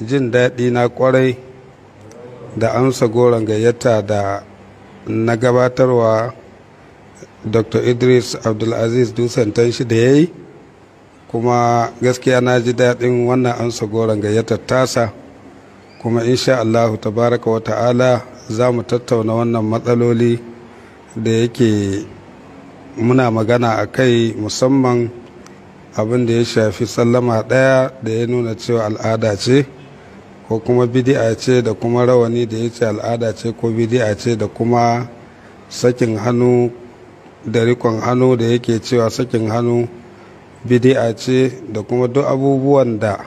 jin daɗi na kwarai da amsa goron gayyata da na gabatarwa dr idris abdulaziz dusantan shi da ya yi kuma gaskiya na ji daɗin wannan amsa goron gayyatar tasa kuma insha allahu tabaraka wa ta'ala za mu tattauna wannan matsaloli da yake muna magana a kai musamman abin da ya shafi sallama ɗaya da ya nuna cewa al'ada ce ko kuma bidi'a ce da kuma rawani da ya ce al'ada ce ko bidi'a ce da kuma sakin hannu da rikon hannu da yake cewa sakin hannu bidi'a ce da kuma duk abubuwan da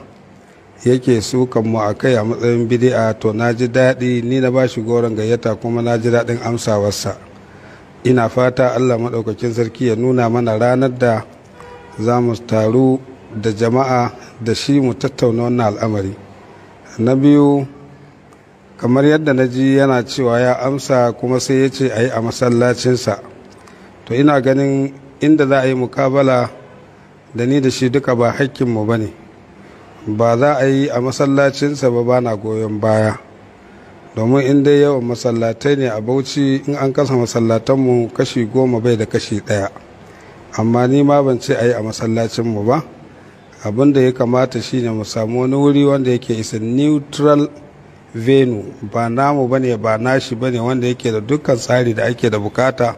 yake sukan mu a kai a matsayin bidi'a to na ji daɗi ni na ba shi goron gayyata kuma na ji daɗin amsawarsa ina fata allah maɗaukakin sarki ya nuna mana ranar da za mu taru da jama'a da shi mu tattauna wannan al'amari na biyu kamar yadda na ji yana cewa ya amsa kuma sai ya ce a yi a masallacinsa to ina ganin inda za a yi mukabala da ni da shi duka ba hakkinmu ba ne ba za a yi a masallacinsa ba ba na goyon baya domin in dai yawan masallatai ne a bauchi in an kasa masallatanmu kashi goma bai da kashi ɗaya amma ni ma ban ce a yi a masallacinmu ba abin da ya kamata shine mu samu wani wuri wanda yake isa neutral venue ba namu bane ba nashi bane wanda yake da dukkan tsari da ake da bukata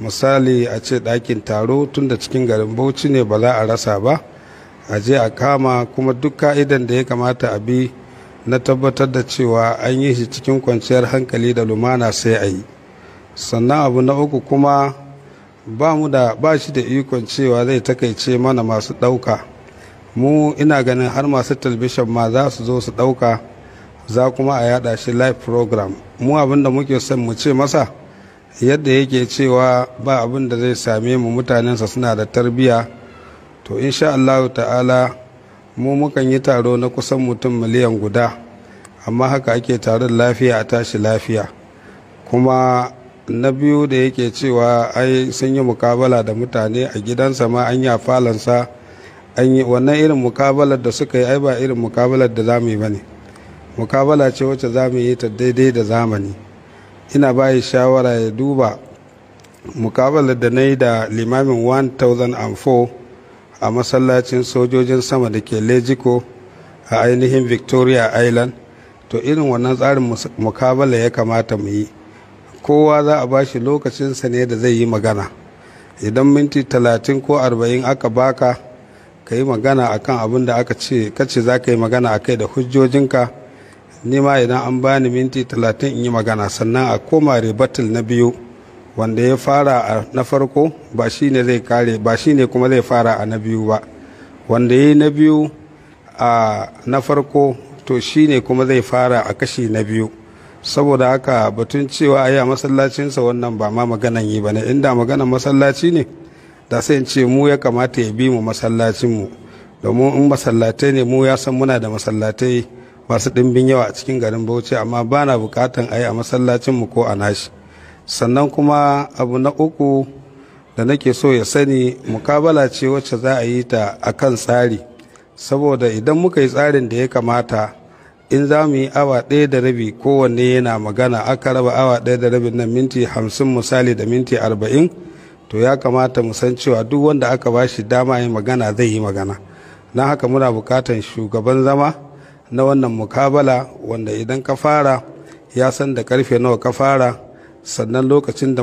misali a ce ɗakin taro tunda cikin garin bauchi ne ba za a rasa ba a je a kama kuma duk ka'idan da ya kamata a bi na tabbatar da cewa an yi shi cikin kwanciyar hankali da lumana sai a yi sannan abu na uku kuma ba mu da ba shi da ikon cewa zai takaice mana masu ɗauka mu ina ganin har masu talbishan ma za su zo su ɗauka za kuma a yada shi live program mu abinda muke son mu ce masa yadda yake cewa ba abin da zai same mu mutanensa suna da tarbiya to insha Allah ta'ala mu mukan yi taro na kusan mutum miliyan guda amma haka ake taron lafiya a tashi lafiya kuma na biyu da yake cewa ai sun yi mukabala da mutane a gidansa ma an yi falansa an yi wannan irin mukabalar da suka yi ai ba irin mukabalar da zamu yi bane mukabala ce wacce zamu yi ta daidai da zamani ina bayi shawara ya duba mukabalar da na yi da limamin 1004 a masallacin sojojin sama da ke lejiko a ainihin victoria island to irin wannan tsarin mukabala ya kamata mu yi kowa za a ba shi lokacinsa ne da zai yi magana idan minti talatin ko arba'in aka baka ka yi magana a kan abin da aka ce kace za ka yi magana a kai da hujjojinka nima idan an bani minti talatin in yi magana sannan a koma rebuttal na biyu wanda ya fara a na farko ba shi ne zai kare ba shi ne kuma zai fara a na biyu ba wanda ya yi na biyu a na farko to shi ne kuma zai fara a kashi na biyu saboda haka batun cewa a yi masallacinsa wannan ba ma maganan yi ba ne inda maganan masallaci ne da sai ce mu ya kamata ya bi mu masallacinmu domin in masallatai ne mu ya san muna da masallatai masu ɗimbin yawa a cikin garin bauchi amma ba na buƙatan a yi a masallacinmu ko a nashi sannan kuma abu na uku da nake so ya sani mukabala ce wacce za a yi ta a kan tsari saboda idan muka yi tsarin da ya kamata in za mu yi awa ɗaya da rabi kowanne yana magana aka raba awa ɗaya da rabin nan minti hamsin misali da minti arba'in to ya kamata mu san cewa duk wanda aka ba shi dama ya magana zai yi magana na haka muna bukatan shugaban zama na wannan mukabala wanda idan ka fara ya san da karfe nawa ka fara sannan lokacin da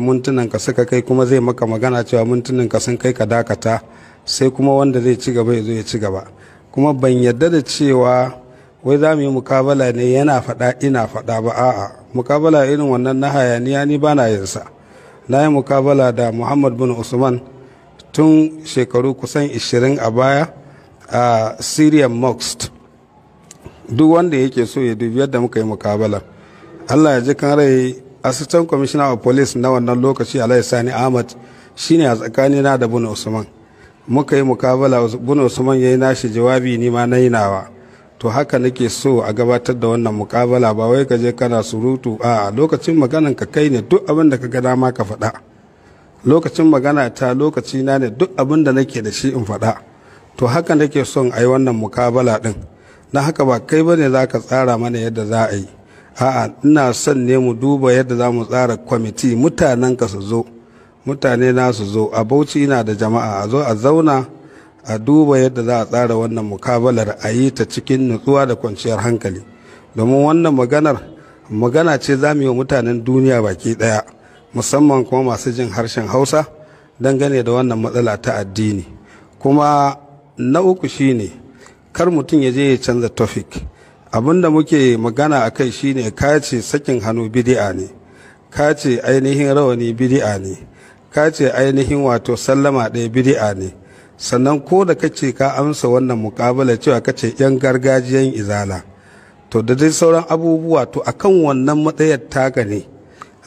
ka suka kai kuma zai maka magana cewa mintunanka sun kai ka dakata sai kuma wanda zai ci gaba ya zo ya ci gaba kuma ban yadda da cewa wai za mu yi mukabala ne yana faɗa ina faɗa ba a'a mukabala irin wannan na hayaniya ni ba na yinsa na yi mukabala da muhammad bin usman tun shekaru kusan 20 a baya a syrian mosque duk wanda yake so ya dubi yadda muka yi mukabala allah ya ji kan rai assistant commissioner of police na wannan lokaci alhaji sani ahmad shine a tsakanina da bin usman muka yi mukabala bin usman ya yi nashi jawabi ni ma na yi nawa to haka nake so a gabatar da wannan mukabala ba wai ka je kana surutu a lokacin maganan ka kai ne duk abin da ka ga dama ka faɗa lokacin magana ta lokaci na ne duk abin da nake da shi in faɗa to haka nake son a yi wannan mukabala din na haka ba kai bane za ka tsara mana yadda za a yi a'a ina son ne mu duba yadda za mu tsara kwamiti mutanen ka su zo mutane na su zo a bauchi ina da jama'a a zo a zauna a duba yadda za a tsara wannan mukabalar a yi ta cikin nutsuwa da kwanciyar hankali domin wannan maganar magana ce za mu yi wa mutanen duniya baki ɗaya musamman kuma masu jin harshen hausa dangane da wannan matsala ta addini kuma na uku shine kar mutum ya je ya canza tofik abinda muke magana a kai shine kace sakin hannu bidi'a ne kace ainihin rawani bidi'a ne kace ainihin wato sallama ɗaya bidi'a ne sannan ko da kace ka amsa wannan mukabala cewa kace yan gargajiyan izala to da dai sauran abubuwa to akan wannan matsayar taka ne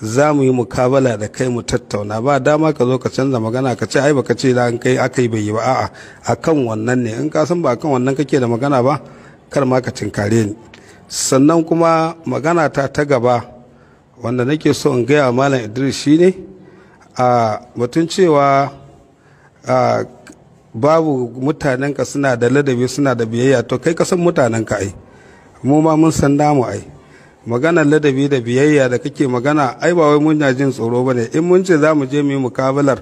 za mu yi mukabala da kai mu tattauna ba dama ka zo ka canza magana ka ce ai baka ce da an kai aka yi bai yi ba a'a akan wannan ne in ka san ba akan wannan kake da magana ba kar ma ka tinkare ni sannan kuma magana ta ta gaba wanda nake so in gaya malam Idris shine a batun cewa babu mutanenka suna da ladabi suna da biyayya to kai kasan san mutanenka ai mu ma mun san namu ai magana ladabi da biyayya da kake magana ai ba wai mun jin tsoro bane in mun ce za mu je mu yi mukabalar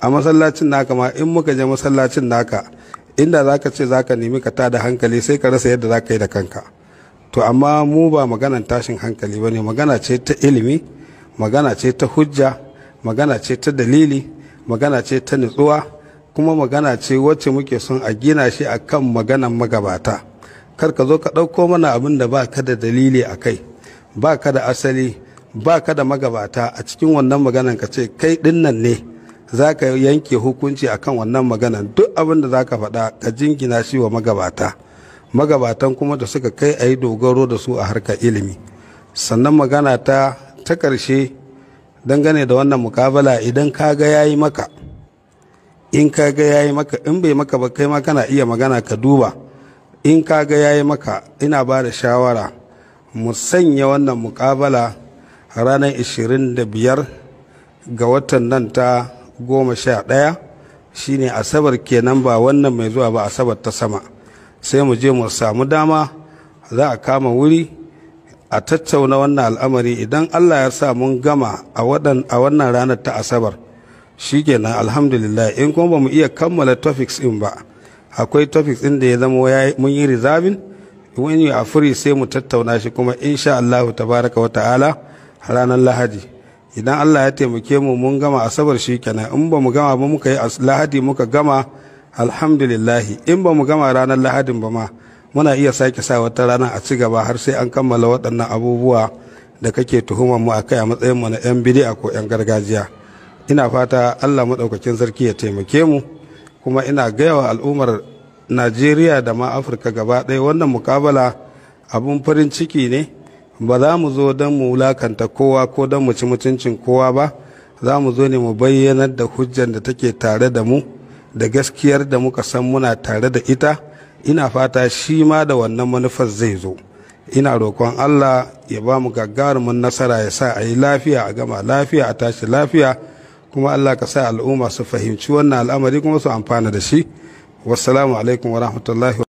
a masallacin naka ma in muka je masallacin naka inda zaka ce zaka nemi ka tada hankali sai ka rasa yadda zaka yi da kanka to amma mu ba maganan tashin hankali bane magana ce ta ilimi magana ce ta hujja magana ce ta dalili magana ce ta nutsuwa kuma magana ce wacce muke son a gina shi a kan maganan magabata kar ka zo ka ɗauko mana abin da ba ka da dalili a kai ba ka da asali ba ka da magabata a cikin wannan maganan ka ce kai ɗinnan ne za ka yanke hukunci akan wannan maganan duk abin da za ka faɗa ka jingina shi wa magabata magabatan kuma da suka kai a yi dogaro da su a harka ilimi sannan magana ta ta ƙarshe dangane da wannan mukabala idan ka ga ya yi maka in ka ga yayi maka in bai maka ba kai ma kana iya magana ka duba in ka ga yayi maka ina ba da shawara mu sanya wannan mukabala ranar da biyar ga watan nan ta goma sha ɗaya shine asabar kenan ba wannan mai zuwa ba asabar ta sama sai mu je mu samu dama za a kama wuri a tattauna wannan al'amari idan Allah ya sa mun gama a wannan ranar ta asabar shikenan alhamdulillah in kuma ba mu iya kammala topics in ba akwai topics din da ya zama mun yi rizabin in yi a free sai mu tattauna shi kuma insha Allah tabaraka wa ta'ala ranar lahadi idan Allah ya taimake mu mun gama asabar shi in ba mu gama ba muka yi lahadi muka gama alhamdulillah in ba mu gama ranar lahadin ba ma muna iya sake sa wata rana a ci gaba har sai an kammala waɗannan abubuwa da kake tuhumar mu a kai a matsayin mu na yan bid'a ko yan gargajiya ina fata allah maɗaukakin sarki ya taimake mu kuma ina gaya wa al'ummar najeriya da ma afirka gaba ɗaya wannan mukabala abun farin ciki ne ba za mu zo don mu wulakanta kowa ko don mu ci mutuncin kowa ba za mu zo ne mu bayyanar da hujjar da take tare da mu da gaskiyar da muka san muna tare da ita ina fata shi ma da wannan manufar zai zo ina roƙon allah ya ba mu gagarumin nasara ya sa a yi lafiya a gama lafiya a tashi lafiya kuma Allah ka sa al'umma su fahimci wannan al'amari kuma su amfana da shi wassalamu alaikum wa rahmatullahi